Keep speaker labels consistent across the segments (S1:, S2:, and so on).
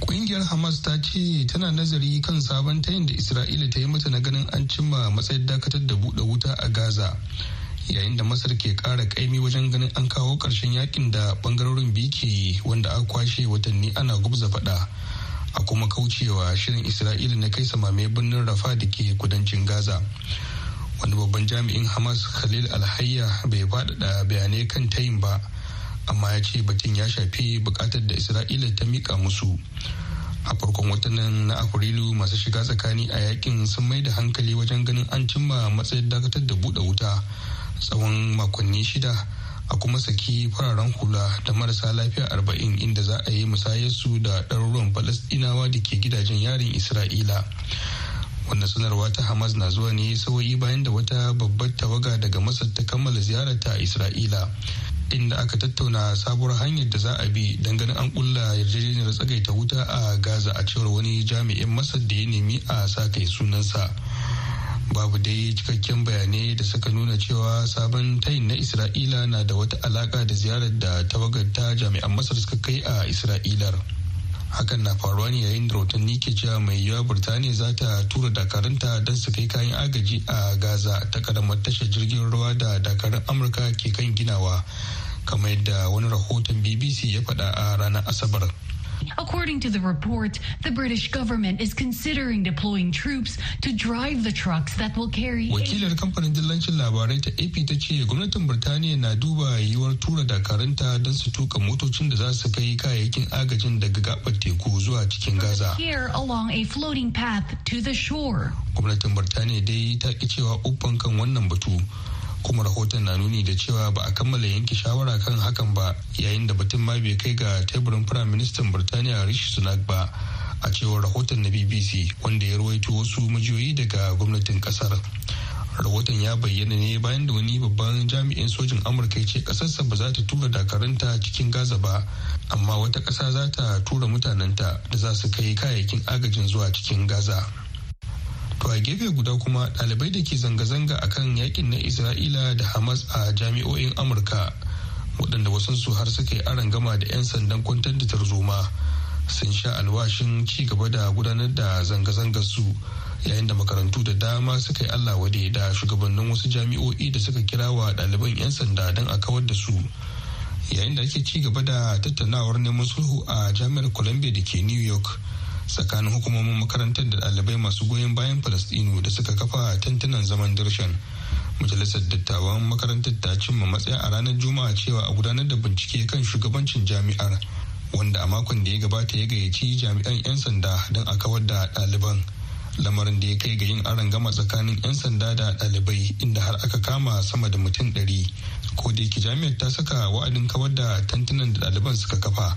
S1: Ƙungiyar Hamas ta ce tana nazari kan sabon tayin da Isra'ila ta yi mata na ganin an cimma matsayin dakatar da buɗe wuta a Gaza. Yayin da Masar ke ƙara ƙaimi wajen ganin an kawo ƙarshen yakin da ɓangarorin biyu ke yi wanda aka kwashe watanni ana gubza faɗa. A kuma kaucewa shirin Isra'ila na kai samame birnin Rafa da ke kudancin Gaza. Wani babban jami'in Hamas Khalil Alhayya bai faɗaɗa bayanai kan tayin ba. amma ya ce batun ya shafi bukatar da isra'ila ta mika musu a farkon watannin na afrilu masu shiga tsakani a yakin sun mai da hankali wajen ganin an cimma matsayin dakatar da buɗe wuta tsawon makonni shida a kuma saki fararen hula da marasa lafiya arba'in inda za a yi musayarsu da ɗaruruwan falastinawa da ke gidajen yarin isra'ila wanda sanarwa ta hamas na zuwa ne sauyi bayan da wata babbar tawaga daga masar ta kammala ziyararta a isra'ila inda aka tattauna sabuwar hanyar da za a bi don ganin an kulla yarjejeniyar tsagaita wuta a gaza a cewar wani jami'in masar da ya nemi a sa kai sunansa babu dai cikakken bayanai da suka nuna cewa sabon tayin na isra'ila na da wata alaka da ziyarar da tawagarta jami'an masar suka kai a isra'ilar hakan na faruwa ne yayin da rahotanni ke cewa mai yiwuwa birtaniya za ta tura dakaranta don su kai kayan agaji a gaza ta karamar tashar jirgin ruwa da dakarun amurka ke kan ginawa kamar yadda wani rahoton bbc ya faɗa a ranar asabar
S2: According to the report, the British government is considering deploying troops to drive the trucks that will carry. Wakilar
S1: kamfanin dillancin labarai ta AP ta ce gwamnatin Birtaniya na duba yiwuwar tura dakaranta don su tuka motocin da za su kai kayayyakin agajin daga gabar teku zuwa cikin Gaza.
S2: Here along a floating path to the shore.
S1: Gwamnatin Birtaniya dai ta ki cewa uffan kan wannan batu. kuma rahoton na nuni da cewa ba a kammala yanke shawara kan hakan ba yayin da batun ma bai kai ga teburin firaministan birtaniya rishi sunak ba a cewar rahoton na bbc wanda ya ruwaito wasu majiyoyi daga gwamnatin kasar rahoton ya bayyana ne bayan da wani babban jami'in sojin amurka ya ce kasarsa ba za ta tura dakaranta cikin gaza ba amma wata ƙasa za ta tura mutanenta da za su kai kayayyakin agajin zuwa cikin gaza To a gefe guda kuma ɗalibai da ke zanga-zanga a kan yakin na Isra'ila da Hamas a jami'o'in Amurka waɗanda wasansu har suka yi gama da 'yan sandan kwantar da tarzoma sun sha alwashin ci gaba da gudanar da zanga-zangar su yayin da makarantu da dama suka yi Allah wade da shugabannin wasu jami'o'i da suka kira wa ɗaliban 'yan sanda don a kawar da su yayin da ake ci gaba da tattaunawar neman sulhu a jami'ar Columbia da ke New York. tsakanin hukumomin makarantar da ɗalibai masu goyon bayan falastinu da suka kafa tantunan zaman dirshan majalisar dattawan makarantar ta cimma matsaya a ranar juma'a cewa a gudanar da bincike kan shugabancin jami'ar wanda a makon da ya gabata ya gayyaci jami'an 'yan sanda don a kawar da ɗaliban lamarin da ya kai ga yin aron gama tsakanin 'yan sanda da ɗalibai inda har aka kama sama da mutum ɗari ko da yake jami'ar ta saka wa'adin kawar da tantunan da ɗaliban suka kafa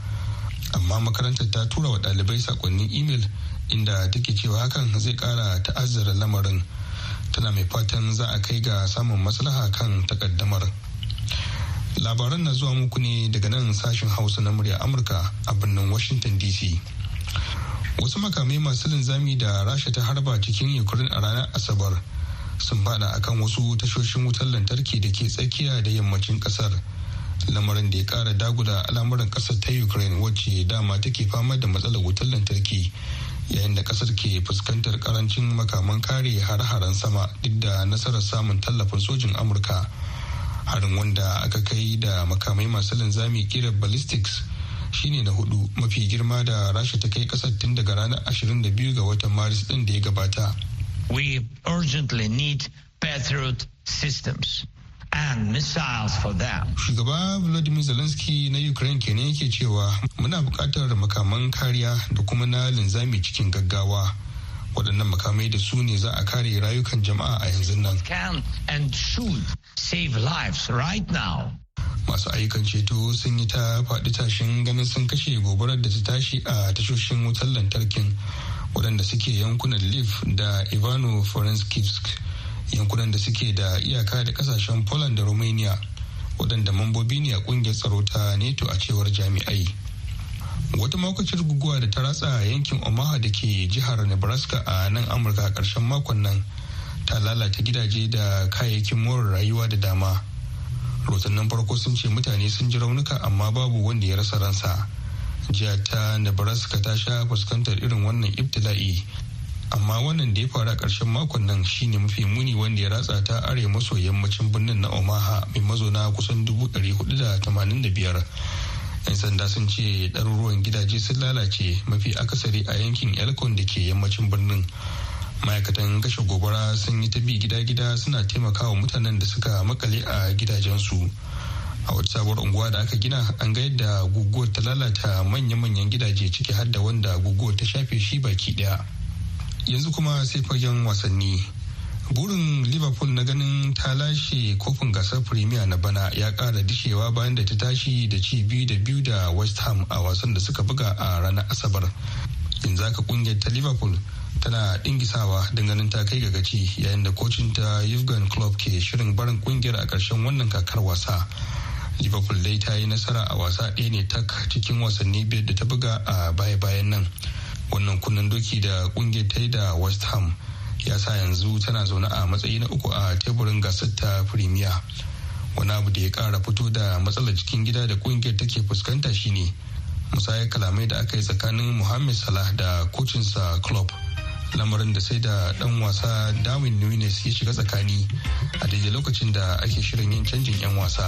S1: amma makarantar ta tura wa ɗalibai sakonnin imel inda take cewa hakan zai kara ta'azzara lamarin tana mai fatan za a kai ga samun maslaha kan takaddamar labaran na zuwa muku ne daga nan sashen hausa na murya amurka a birnin washington dc wasu makamai masu linzami da rasha ta harba cikin ukraine a ranar asabar sun fada akan wasu tashoshin wutar lantarki da ke tsakiya da yammacin kasar lamarin da ya kara daguda al'amuran kasar ta ukraine wacce dama take fama da matsalar wutar lantarki yayin da kasar ke fuskantar karancin makaman kare har-haren sama duk da nasarar samun tallafin sojin amurka harin wanda aka kai da makamai masu linzami kira ballistics shine na hudu mafi girma da rasha ta kai kasar tun daga ranar 22 ga watan maris din da ya gabata we urgently need patriot systems and missiles for them. Shugaba Volodymyr Zelensky na Ukraine kenan yake cewa muna buƙatar makaman kariya da kuma na linzami cikin gaggawa. waɗannan makamai da su ne za a kare rayukan jama'a a yanzu nan. and should save lives right now. can Masu ayyukan ceto sun yi ta faɗi tashin ganin sun kashe gobarar da ta tashi a tashoshin wutar lantarkin waɗanda suke yankunan Lviv da ivano forensics yankunan da suke da iyaka da kasashen poland da romania waɗanda mambobi ne a ƙungiyar tsaro ta neto a cewar jami'ai wata makwacin guguwa da ta ratsa yankin omaha da ke jihar nebraska a nan amurka a ƙarshen makon nan ta lalata gidaje da kayayyakin more rayuwa da dama rotannin farko sun ce mutane sun ji raunuka amma babu wanda ya rasa ransa jiya ta nebraska ta sha fuskantar irin wannan ibtila'i amma wannan da ya faru a ƙarshen makon nan shine mafi muni wanda ya ratsa ta arewa maso yammacin birnin na omaha mai mazauna kusan dubu ɗari hudu da tamanin da biyar yan sanda sun ce ɗaruruwan gidaje sun lalace mafi akasari a yankin elkon da ke yammacin birnin ma'aikatan kashe gobara sun yi ta bi gida-gida suna taimakawa mutanen da suka makale a gidajensu a wata sabuwar unguwa da aka gina an ga yadda guguwar ta lalata manya-manyan gidaje ciki har da wanda guguwar ta shafe shi baki daya yanzu kuma sai fagen wasanni burin liverpool na ganin ta lashe kofin gasar premier na bana ya kara dishewa bayan da ta tashi da ci biyu da biyu da west ham a wasan da suka buga a ranar asabar yanzu haka kungiyar ta liverpool tana dingisawa ganin ta kai ga gaci yayin da kocin ta yugan Klopp ke shirin barin kungiyar a karshen wannan kakar wasa liverpool dai ta yi nasara a wasa ɗaya ne tak cikin wasanni biyar da ta buga a baya-bayan nan wannan kunnen doki da kungiyar ta yi da west ham ya sa yanzu tana zaune a matsayi na uku a teburin gasar ta premier wani abu da ya kara fito da matsalar cikin gida da kungiyar take fuskanta shine musayar kalamai da aka yi tsakanin mohamed salah da kocinsa club lamarin da sai da dan wasa darwin nunes ya shiga tsakani a daidai lokacin da ake shirin yin canjin 'yan wasa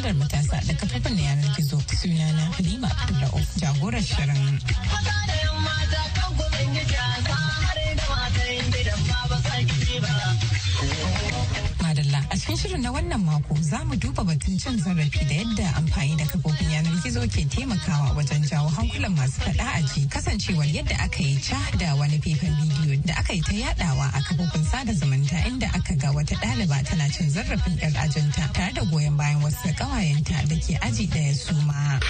S2: mujallar matasa da kafafen na yanar gizo sunana Halima Abdullahi jagorar shirin. A cikin shirin na wannan mako za mu duba batun cin zarafi da yadda amfani da kafofin yanar gizo ke taimakawa wajen jawo hankulan masu faɗa a ji kasancewar yadda aka yi ca da wani faifan bidiyo da aka yi ta yadawa a kafofin sada zumunta wata ɗaliba tana cin zarafin 'yar ajinta tare da goyon bayan wasu ƙawayenta da ke aji ɗaya suma.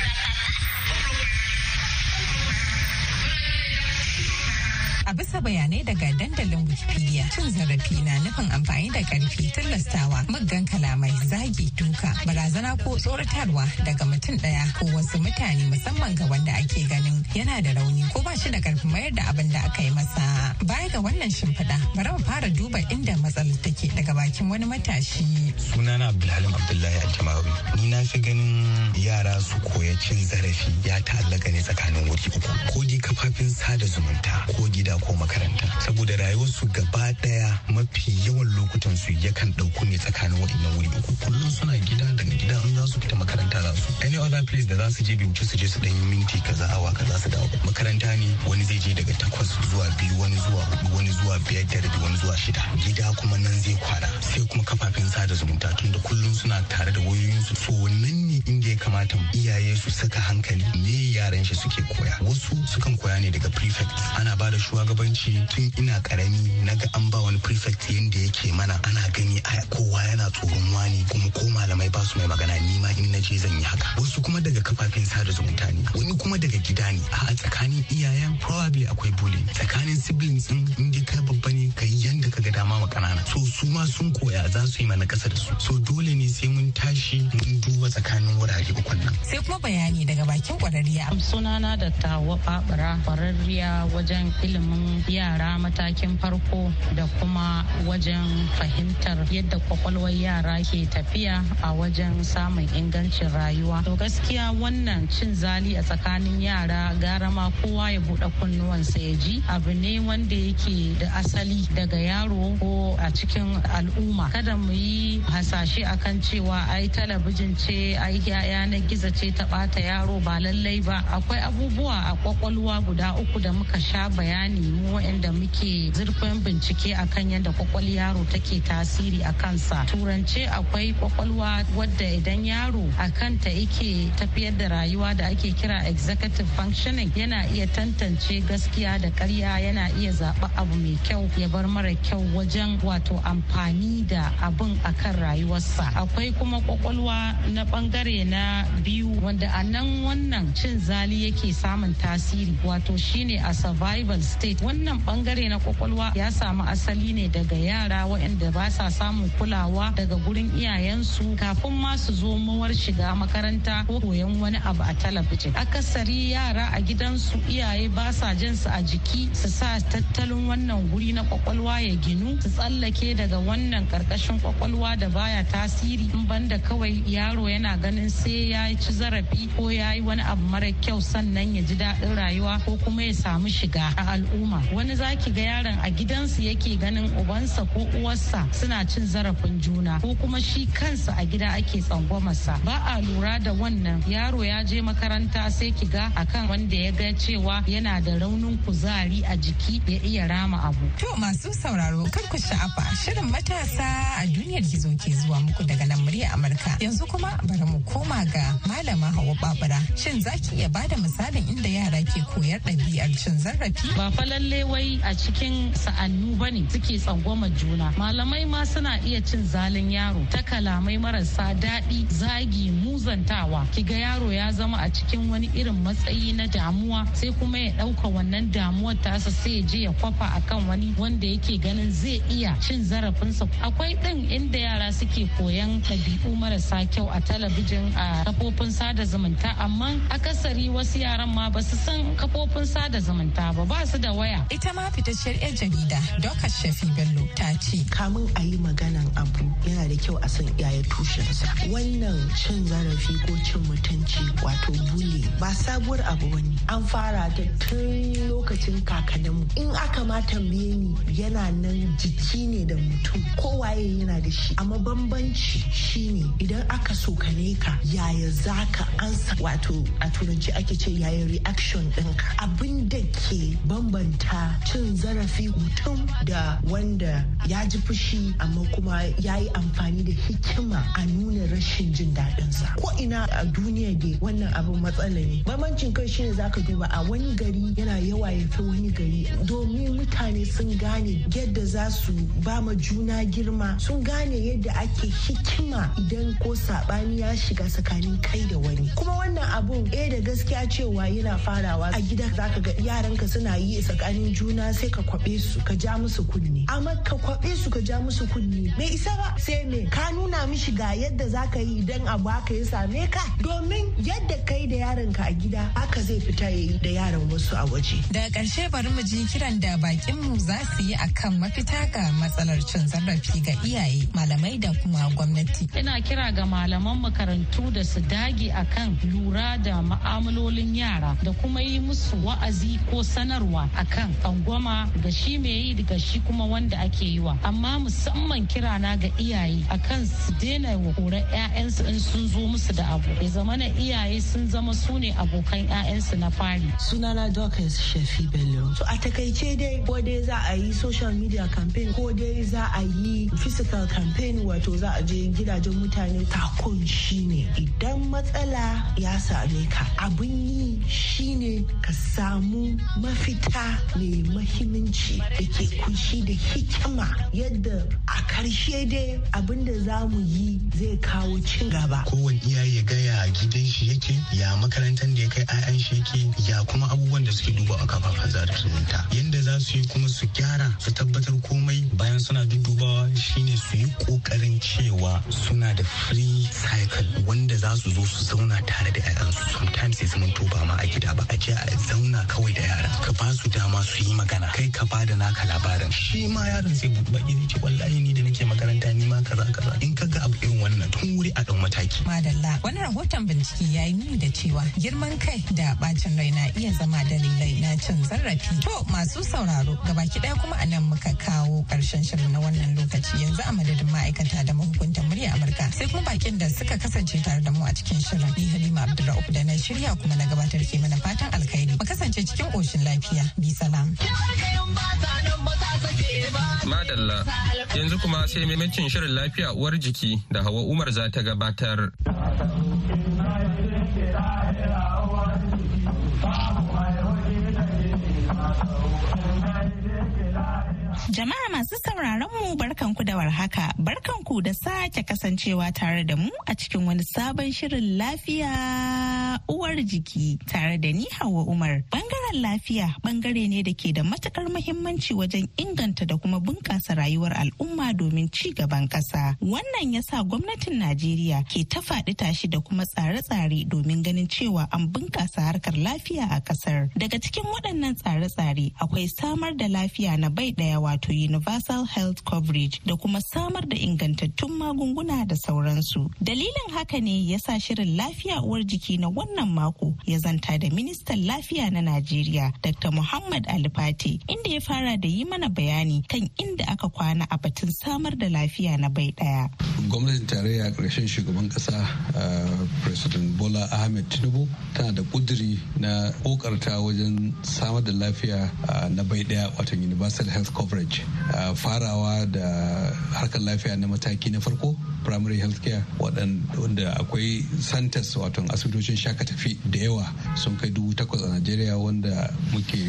S2: a bisa bayanai daga dandalin wikipedia cin zarafi na nufin amfani da karfi tilastawa muggan kalamai zagi duka barazana ko tsoratarwa daga mutum daya ko wasu mutane musamman ga wanda ake ganin yana da rauni ko ba shi da karfi mayar da abin da aka yi masa baya ga wannan shimfiɗa bari mu fara duba inda matsalar take daga bakin wani matashi
S3: sunana abdulhalim abdullahi aljamawi ni na fi ganin yara su koya cin zarafi ya ta'allaka ne tsakanin wuri uku ko di kafafin sada zumunta ko gida ko makaranta saboda rayuwarsu gaba daya mafi yawan lokutan su yakan dauko ne tsakanin waɗannan wuri uku kullum suna gida daga gida in za su fita makaranta za su any other place da za su je bai wuce su je su dan yi minti kaza awa kaza su dawo makaranta ne wani zai je daga takwas zuwa biyu wani zuwa hudu wani zuwa biyar da rabi wani zuwa shida gida kuma nan zai kwana sai kuma kafafen sada zumunta tun da kullum suna tare da wayoyinsu so nan ne inda ya kamata iyaye su saka hankali ne yaran shi suke koya wasu sukan koya ne daga prefect ana ba da shugabanci tun ina karami ga an ba wani prefect yanda yake mana ana gani kowa yana tsoron wani kuma ko malamai ba su mai magana ni ma in naje zan yi haka wasu kuma daga kafafen sada zumunta ne wani kuma daga gida ne a tsakanin iyayen probably akwai bullying tsakanin siblings din in dai kai babba ne kai yanda ka ga dama ma kanana so su ma sun koya za su yi mana kasa da su so dole ne sai mun tashi mun duba tsakanin wurare uku nan
S4: sai kuma bayani daga bakin kwararriya sunana da tawa babara kwararriya wajen ilimin yara matakin farko da kuma wajen fahimtar yadda kwakwalwar yara ke tafiya a wajen samun ingancin rayuwa to gaskiya wannan cin zali a tsakanin yara gara ma kowa ya buɗe kunnuwansa ya ji abu ne wanda yake da asali daga yaro ko a cikin al'umma kada mu yi hasashe akan cewa ai talabijin ce ai yanar gizo ce ta bata yaro ba lallai ba akwai abubuwa a kwakwalwa guda uku da muka sha bayani mu waɗanda muke zurfin bincike akan yadda kwakwal yaro take tasiri a kansa turance akwai kwakwalwa wadda idan yaro a kanta yake tafiyar da rayuwa da ake kira executive functioning yana iya tantance gaskiya da karya gaskiya yana iya zaɓa abu mai kyau ya bar mara kyau wajen wato amfani da abin kan rayuwarsa akwai kuma kwakwalwa na bangare na biyu wanda a nan wannan cin zali yake samun tasiri wato shine a survival state wannan bangare na kwakwalwa ya samu asali ne daga yara waɗanda ba sa samun kulawa daga gurin iyayensu kafin ma su zo mawar shiga makaranta ko koyon wani abu a talabijin akasari yara a gidansu iyaye ba sa jinsu a jiki su sa tattalin wannan guri na kwakwalwa ya ginu su tsallake daga wannan karkashin kwakwalwa da baya tasiri in banda kawai yaro yana ganin sai ya ci zarafi ko ya yi wani abu mara kyau sannan ya ji daɗin rayuwa ko kuma ya samu shiga a al'umma wani zaki ga yaron a gidansu yake ganin ubansa ko uwarsa suna cin zarafin juna ko kuma shi kansa a gida ake tsangwamasa. ba a lura da wannan yaro ya je makaranta sai ki ga akan wanda ya ga cewa yana da raunin kuzari a jiki ya iya rama abu. To
S2: masu sauraro kar ku sha'afa shirin matasa a duniyar gizo ke zuwa muku daga nan murya Amurka. Yanzu kuma bari mu koma ga malama Hauwa Babura. Shin za ki iya bada misalin inda yara ke
S4: koyar ɗabi'ar cin zarafi? Ba fa lalle wai a cikin sa'annu ba ne suke tsangwama juna. Malamai ma suna iya cin zalin yaro ta kalamai marasa daɗi zagi muzantawa. Ki ga yaro ya zama a cikin wani irin matsayi na damuwa sai kuma ya ɗauka wannan damuwar ta matasa sai ya je ya kwafa akan wani wanda yake ganin zai iya cin zarafinsa akwai ɗin inda yara suke koyan ɗabi'u marasa kyau a talabijin a kafofin sada zumunta amma akasari wasu yaran ma ba su san kafofin sada zumunta ba ba su da waya ita ma fitacciyar yar jarida dokar shafi
S5: bello ta ce kamun a yi maganan abu yana da kyau a san yaya tushensa wannan cin zarafi ko cin mutunci wato bule ba sabuwar abu wani an fara da tun lokacin ka mu in aka ma tambaye ni yana nan jiki ne da mutum kowaye yana da shi amma bambanci shine idan aka so ka yaya zaka ansa wato a turanci ake ce yaya reaction ɗinka abin da ke bambanta cin zarafi mutum da wanda ya ji fushi amma kuma ya yi amfani da hikima a nuna rashin jin daɗinsa ko ina a duniya dai wannan abin matsala ne bambancin kai shine zaka duba a wani gari yana yawa ya fi wani gari domin mutane sun gane yadda za su ba ma juna girma sun gane yadda ake hikima idan ko sabani ya shiga tsakanin kai da wani kuma wannan abun eh da gaskiya cewa yana farawa a gida zaka ga ka suna yi tsakanin juna sai ka kwabe su ka ja musu kunne amma ka kwabe su ka ja musu kunne bai isa ba sai me ka nuna mishi ga yadda zaka yi idan abu haka ya same ka domin yadda kai da yaranka a gida haka zai fita ya yi da yaran wasu a waje
S2: daga karshe ba bari mu ji kiran da bakin mu za su yi akan mafita ga matsalar cin zarafi ga iyaye malamai da kuma gwamnati.
S4: Ina kira ga malaman makarantu da su dage akan lura da ma'amalolin yara da kuma yi musu wa'azi ko sanarwa akan tsangwama ga shi mai yi gashi shi kuma wanda ake yi wa. Amma musamman kira na ga iyaye akan su daina korar 'ya'yansu in sun zo musu da abu. Ya zama iyaye sun zama su ne abokan 'ya'yansu na fari. Sunana Dawkins Shafi Bello.
S5: so a takaice dai ko dai za a yi social media campaign ko dai za a yi physical campaign wato za a je gidajen mutane takon shine idan matsala ya same ka abin yi shine ka samu mafita mai mahimmanci da ke kunshi da hikima yadda a karshe dai abin da za mu yi zai kawo cin
S3: gaba kowane iyaye ya gaya gidan shi yake ya makarantar da ya kai 'ya'yan shi yake ya kuma abubuwan da suke duba a kafafen zumunta yadda za su yi kuma su gyara su tabbatar komai bayan suna dudubawa shine su yi kokarin cewa suna da free cycle wanda za su zo su zauna tare da 'ya'yansu sometimes sai zaman to ba ma a gida ba a je a zauna kawai da yara ka ba su dama su yi magana kai ka ba da naka labarin shi ma yaron zai buɗe baki zai ce wallahi ni da nake makaranta ni ma kaza kaza in ka ga abu irin wannan tun wuri a ɗan mataki.
S2: madalla wani rahoton bincike ya yi nuni da cewa girman kai da bacin rai na iya zama dalilai na cin zarafi to masu sauraro gabaki ɗaya kuma a nan muka kawo ƙarshen shirin na wannan lokaci yanzu a madadin ma'aikata da mahukuntan murya amurka sai kuma bakin da suka kasance tare da da mu a cikin shirin. Ni Halima Abdulrauf da na shirya kuma na gabatar ke mana fatan alkhairi. Mu kasance cikin oshin lafiya. Bi salam.
S5: Madalla
S6: yanzu kuma sai maimacin shirin lafiya uwar jiki da Hawa Umar za ta gabatar.
S7: Jama'a masu sauraron mu barkanku da warhaka, barkanku da sake kasancewa tare da mu a cikin wani sabon shirin lafiya uwar jiki tare da ni Hauwa Umar. Bangaren lafiya bangare ne da ke da matukar muhimmanci wajen inganta da kuma bunƙasa rayuwar al'umma domin ci gaban ƙasa. Wannan ya sa gwamnatin Najeriya ke ta faɗi tashi da kuma tsare-tsare domin ganin cewa an bunƙasa harkar lafiya a ƙasar. Daga cikin waɗannan tsare-tsare akwai samar da lafiya na bai ɗayawa wato universal health coverage da kuma samar da ingantattun magunguna da sauransu dalilin haka ne ya sa shirin lafiya uwar jiki na wannan mako ya zanta da ministan lafiya na najeriya dr muhammad alifati inda ya fara da yi mana bayani kan inda aka kwana a batun samar da lafiya na bai daya
S8: gwamnatin tarayya ƙarshen shugaban ƙasa uh, president bola ahmed tinubu tana da kuduri na kokarta wajen samar da lafiya uh, na bai daya wato universal health coverage coverage uh, farawa da harkar lafiya na mataki na farko primary health care waɗanda akwai santas wato asibitocin shaka tafi da yawa sun kai dubu takwas a nigeria wanda muke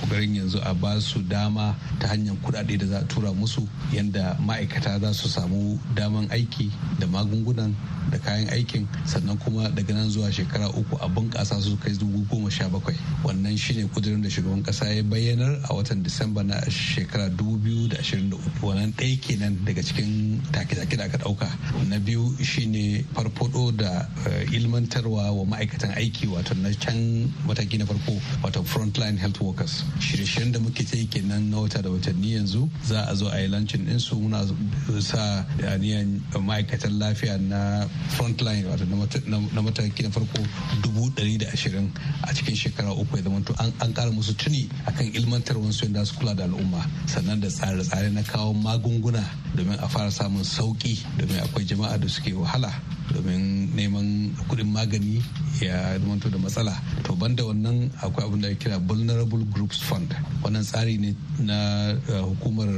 S8: kokarin yanzu a ba su dama ta hanyar kuɗaɗe da za a tura musu yadda ma'aikata za su samu daman aiki da magungunan da kayan aikin sannan kuma daga nan zuwa shekara uku a bunƙasa su kai dubu goma sha bakwai wannan shine kudirin da shugaban ƙasa ya bayyanar a watan disamba na shekara shekara 2023 wannan ɗaya kenan daga cikin take-take da aka ɗauka na biyu shine farfado da eh, ilmantarwa wa ma'aikatan aiki wato na can mataki na farko wato frontline health workers shirye-shiryen da muke ta kenan na wata da watanni yanzu za a zo a yi lancin su muna sa aniyan eh, ma'aikatan lafiya na frontline wato na mataki na farko dubu ɗari da ashirin a cikin shekara uku ya zama an ƙara musu tuni akan ilmantarwar su yadda su kula da al'umma sannan da tsare-tsare na kawo magunguna domin a fara samun sauki domin akwai jama'a da suke wahala domin neman kudin magani ya zamanto da matsala to banda wannan akwai abin da kira vulnerable groups fund wannan tsari ne na eh, hukumar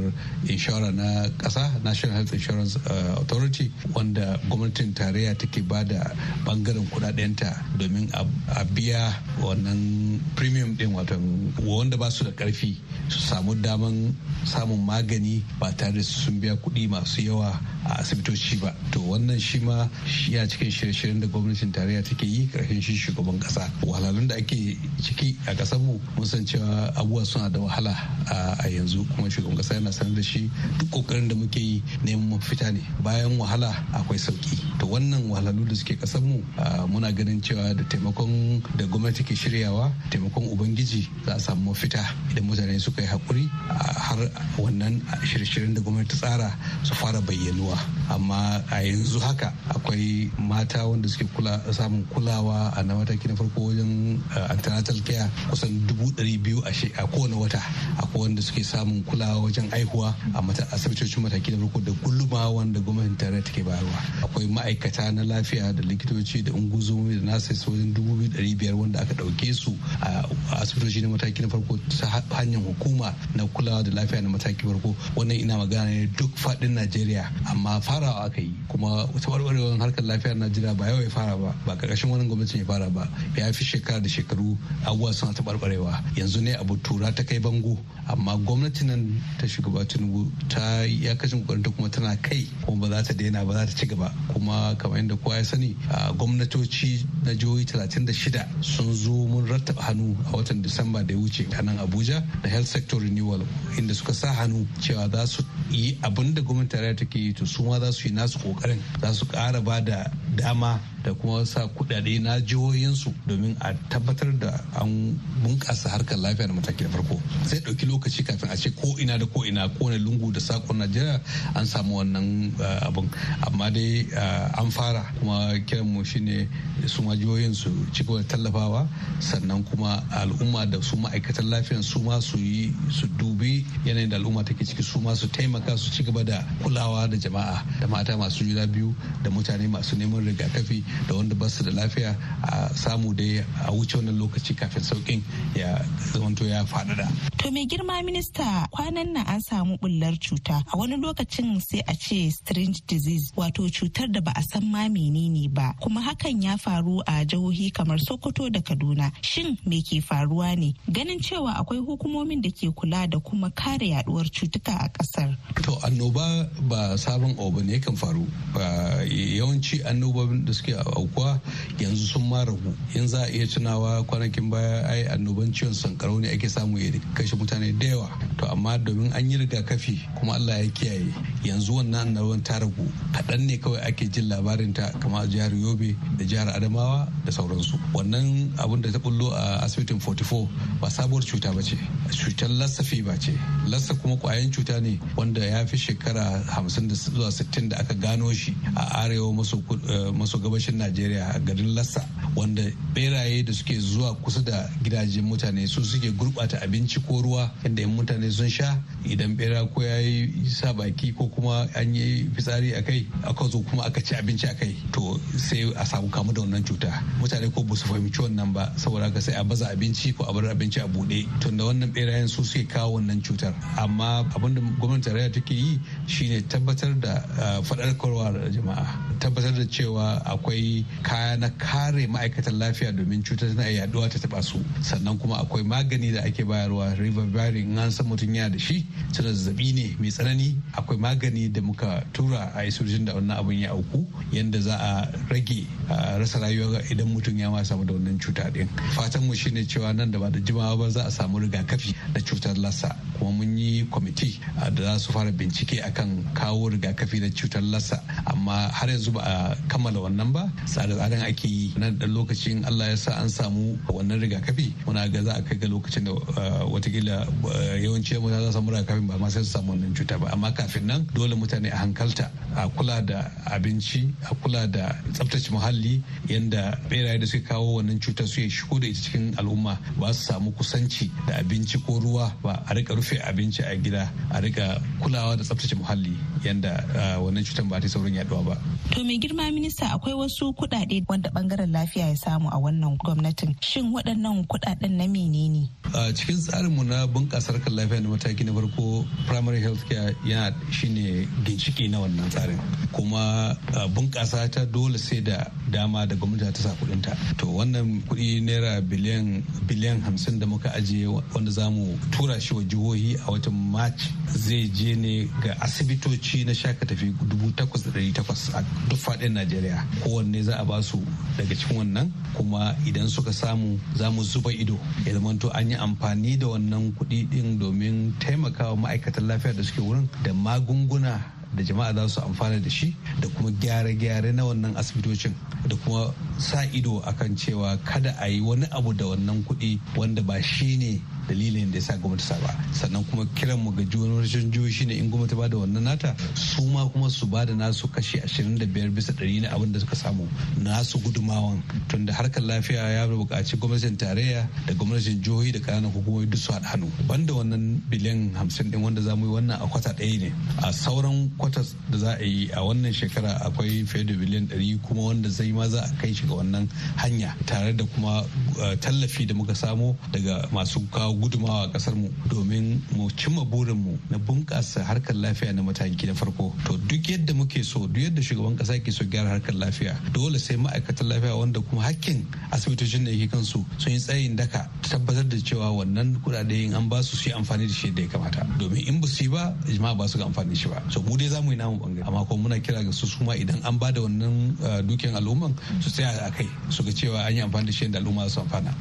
S8: inshora na kasa national health insurance eh, authority wanda gwamnatin tarayya take ba da bangaren kudadenta domin a biya wannan premium din wato wanda ba su da karfi su samu daman samun magani ba tare da sun biya kuɗi masu yawa a asibitoci ba to wannan shi ma ya cikin shirye-shiryen da gwamnatin tarayya take yi karshen shi shugaban kasa wahalhalun da ake ciki a kasar mu mun san cewa abubuwa suna da wahala a yanzu kuma shugaban kasa yana sanar da shi duk kokarin da muke yi neman fita ne bayan wahala akwai sauki to wannan wahalhalu da suke kasar mu muna ganin cewa da taimakon da gwamnati ke shiryawa taimakon ubangiji za a samu mafita idan mutane suka yi hakuri har wannan shirye-shiryen da gwamnati tsara su fara bayyanuwa amma a yanzu haka akwai mata wanda suke kula samun kulawa a na mataki na farko wajen antenatal care kusan dubu ɗari biyu a kowane wata akwai wanda suke samun kulawa wajen aihuwa a asibitocin mataki na farko da gulma wanda gwamnatin tare take bayarwa akwai ma'aikata na lafiya da likitoci da ungozomi da nasa wajen dubu biyu ɗari biyar wanda aka ɗauke su a asibitoci na mataki na farko ta hanyar hukuma na kulawa da lafiya na mataki farko wannan ina magana ne duk faɗin najeriya amma fara farawa aka yi kuma warwarewar harkar lafiyar najeriya ba yau ya fara ba ba karkashin wani gwamnatin ya fara ba ya fi shekara da shekaru abubuwa suna tabarbarewa yanzu ne abu tura ta kai bango amma gwamnati nan ta shugaba tinubu ta ya kashin kokarinta kuma tana kai kuma ba za ta daina ba za ta ci gaba kuma kamar yadda kowa ya sani gwamnatoci na jihohi shida sun zo mun rattaba hannu a watan disamba da ya wuce a nan abuja da health sector renewal inda suka sa hannu cewa za su yi abin da gwamnati ta take yi to su ma za su yi nasu kokarin za su ƙara ba da dama da kuma sa kudade na jihohinsu domin a tabbatar da an bunkasa harkar lafiya da matakin farko sai ɗauki lokaci kafin a ce ko ina da ko ina ko lungu da sakon najeriya an samu wannan eh, abin amma dai eh, an fara kuma kiran mu shine su ma jihohin su ci gaba da tallafawa sannan kuma al'umma da su ma'aikatan lafiyan su ma su yi su dubi yanayin da al'umma take ciki su ma su taimaka su ci gaba da kulawa da jama'a da mata masu juna biyu da mutane masu neman allurar rigakafi da wanda ba su da lafiya a samu dai a wuce wannan lokaci kafin saukin ya zamanto ya faɗaɗa.
S7: To mai girma minista kwanan nan an samu bullar cuta a wani lokacin sai a ce strange disease wato cutar da ba a san ma menene ba kuma hakan ya faru a jihohi kamar Sokoto da Kaduna shin me ke faruwa ne ganin cewa akwai hukumomin da ke kula da kuma kare yaduwar cutuka a kasar. To
S8: annoba ba sabon obin ne kan faru yawanci annoba annobobin da suke aukuwa yanzu sun ma ragu yanzu za a iya tunawa kwanakin baya ai annoban ciwon sankarau ne ake samu ya kashe mutane da yawa to amma domin an yi rigakafi kuma Allah ya kiyaye yanzu wannan annoban ta ragu kaɗan ne kawai ake jin labarin ta kamar jihar Yobe da jihar Adamawa da sauransu wannan abun da ta bullo a asibitin 44 ba sabuwar cuta ba ce cutar lasafi ba ce lassa kuma kwayan cuta ne wanda ya fi shekara 50 zuwa 60 da aka gano shi a arewa maso eh, maso gabashin najeriya a garin lassa wanda beraye da suke zuwa kusa da gidajen mutane su suke gurbata abinci ko ruwa inda yan mutane sun sha idan bera ko ya yi sa baki ko kuma an yi fitsari a kai aka zo kuma aka ci abinci a kai to sai a samu kamu da wannan cuta mutane ko ba su fahimci wannan ba saboda haka sai a baza abinci ko a bar abinci a buɗe tunda wannan berayen su suke kawo wannan cutar amma abinda gwamnati tarayya take yi shine tabbatar da ah, faɗarkarwa da jama'a tabbatar da cewa akwai kaya na kare ma'aikatan lafiya domin cutar tana yaduwa ta taba su sannan kuma akwai magani da ake bayarwa bari in an san mutum yana da shi tana zazzabi ne mai tsanani akwai magani da muka tura a isurjin da wannan abun ya auku yanda za a rage rasa rayuwa idan mutum ya ma samu da wannan cuta din fatan mu shine cewa nan da ba da jimawa ba za a samu rigakafi da cutar lassa kuma mun yi kwamiti da za su fara bincike akan kawo rigakafi da cutar lassa amma har yanzu ba a kammala wannan ba tsare-tsaren ake yi na dan lokacin Allah ya sa an samu wannan rigakafi muna ga za a kai ga lokacin da eh, watakila eh, yawanci mutane za samu rigakafin ba ma sai su samu wannan cuta ba amma kafin nan dole mutane a hankalta a kula da abinci a kula da tsaftace muhalli yanda beraye da suke kawo wannan cuta su ya shigo da ita cikin al'umma ba su samu kusanci da abinci ko ruwa ba a rika rufe abinci a gida a rika kulawa da tsaftace muhalli yanda eh, wannan cutar ba ta saurin yaduwa ba.
S7: To mai girma minista akwai wasu kuɗaɗe wanda bangaren lafiya ya samu a wannan gwamnatin. Shin waɗannan kuɗaɗen na menene?
S8: A cikin tsarinmu na bunƙasa harkar lafiya na mataki na farko primary health care yana shine ginshiki na wannan tsarin. Kuma bunƙasa ta dole sai da dama da gwamnati ta sa kuɗinta. To wannan kudi naira biliyan biliyan hamsin da muka ajiye wanda za mu tura shi wa jihohi a watan March zai je ne ga asibitoci na shaka dubu takwas da dari takwas duk faɗin najeriya kowanne za a ba daga cikin wannan kuma idan suka samu za mu zuba ido ya zamanto an yi amfani da wannan kuɗi ɗin domin taimakawa ma'aikatan lafiya da suke wurin da magunguna da jama'a za su amfana da shi da kuma gyare-gyare na wannan asibitocin da kuma sa ido akan cewa kada a yi wani abu da wannan kuɗi wanda ba shi ne dalilin da ya sa gwamnati sa ba sannan kuma kiran mu ga jihohin jihohi ne in gwamnati ba da wannan nata su ma kuma su ba da nasu kashi biyar bisa ɗari na abin da suka samu nasu gudumawan tunda harkar lafiya ya buƙaci gwamnatin tarayya da gwamnatin jihohi da ƙananan hukumomi duk su haɗa hannu banda wannan biliyan 50 din wanda za mu yi wannan a kwata ɗaya ne a sauran kwatas da za a yi a wannan shekara akwai fiye da biliyan 100 kuma wanda zai ma za a kai shi ga wannan hanya tare da kuma eh, tallafi da muka samu daga masu kawo gudumawa a kasar mu domin mu cimma burin mu na bunƙasa harkar lafiya na mataki na farko to duk yadda muke so duk yadda shugaban kasa ke so gyara harkar lafiya dole sai ma'aikatan lafiya wanda kuma hakkin asibitocin da yake kansu sun yi tsayin daka tabbatar da cewa wannan kuɗaɗe in an ba su su yi amfani da shi da ya kamata domin in ba su yi ba jama'a ba su ga amfani shi ba so mu dai zamu yi namu bangare amma kuma muna kira ga su ma idan an ba da wannan eh, dukiyan al'umman su tsaya a kai su ga cewa an yi amfani da shi da al'umma su amfana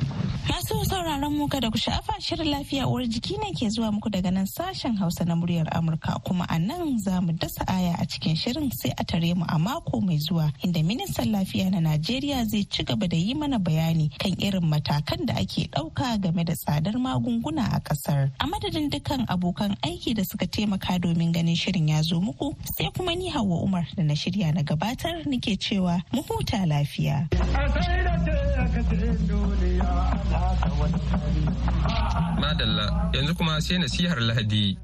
S7: masu sauraron mu kada ku sha'afa shirin lafiya uwar jiki ne ke zuwa muku daga nan sashen Hausa na muryar Amurka kuma a nan za mu dasa aya a cikin shirin sai a tare mu a mako mai zuwa inda ministan lafiya na Najeriya zai ci gaba da yi mana bayani kan irin matakan da ake ɗauka game da tsadar magunguna a ƙasar. A madadin dukkan abokan aiki da suka taimaka domin ganin shirin ya zo muku sai kuma ni Hauwa Umar da na shirya na gabatar nake cewa mu huta lafiya.
S3: Ah!
S6: Madalla yanzu kuma sai nasihar Lahadi.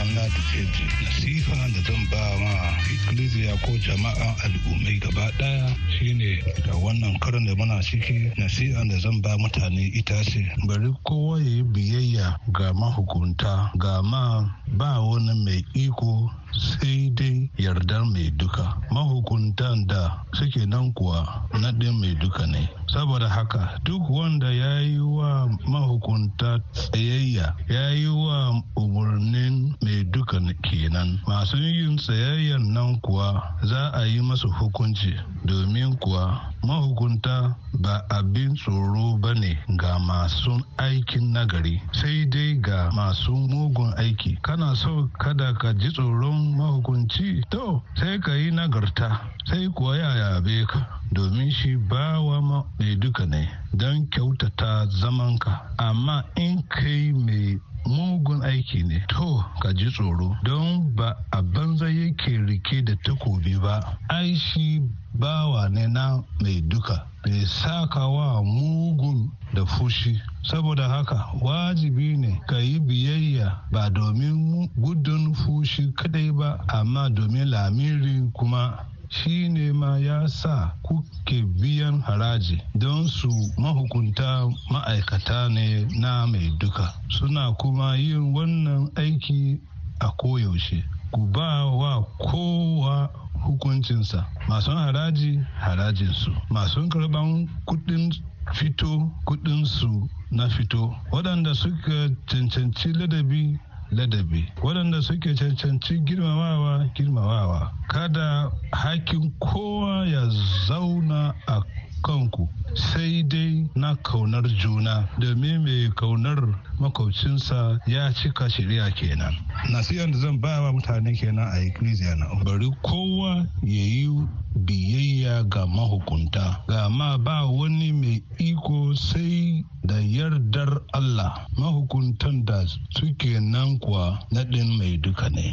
S9: Allah da nasiha da zan ba ma ikkilisiya ko jama'a al'ummai gaba daya shine da wannan karin da muna ciki nasiha da zan ba mutane ita ce bari kowa ya yi biyayya ga mahukunta ga ma ba wani mai iko sai dai yardar mai duka mahukuntan da suke nan kuwa naɗin mai duka ne saboda haka duk wanda ya yi wa mahukunta tsayayya ya yi wa umarnin mai duka kenan masu yin tsayayyan nan kuwa za a yi masu hukunci domin kuwa mahukunta ba abin tsoro ba ne ga masu aikin nagari sai dai ga masu mugun aiki kana so kada ka ji tsoron mahukunci to sai ka yi nagarta sai kuwa ya yabe ka domin shi bawa mai duka ne don kyautata zamanka amma in kai mai mugun aiki ne to ka ji tsoro don ba a banza yake rike da takobi ba ai shi bawa ne na mai duka mai sakawa mugun da fushi saboda haka wajibi ne ka yi biyayya ba domin gudun fushi kadai ba amma domin lamiri kuma shi ne ma ya sa kuke biyan haraji don su mahukunta ma'aikata ne na mai duka suna kuma yin wannan aiki a koyaushe ku ba wa kowa hukuncinsa masu haraji harajinsu masu karban kudin fito kudinsu na fito waɗanda suka cancanci ladabi ladabi waɗanda suke cancanci girmamawa girmamawa kada hakin kowa ya zauna a kanku sai dai na kaunar juna domin mai kaunar makwabcinsa ya cika shari'a kenan nasihar da zan ba mutane kenan a ecclesia na bari kowa ya yi biyayya ga mahukunta gama ba wani mai iko sai da yardar Allah mahukuntan da suke nan kuwa naɗin mai duka ne.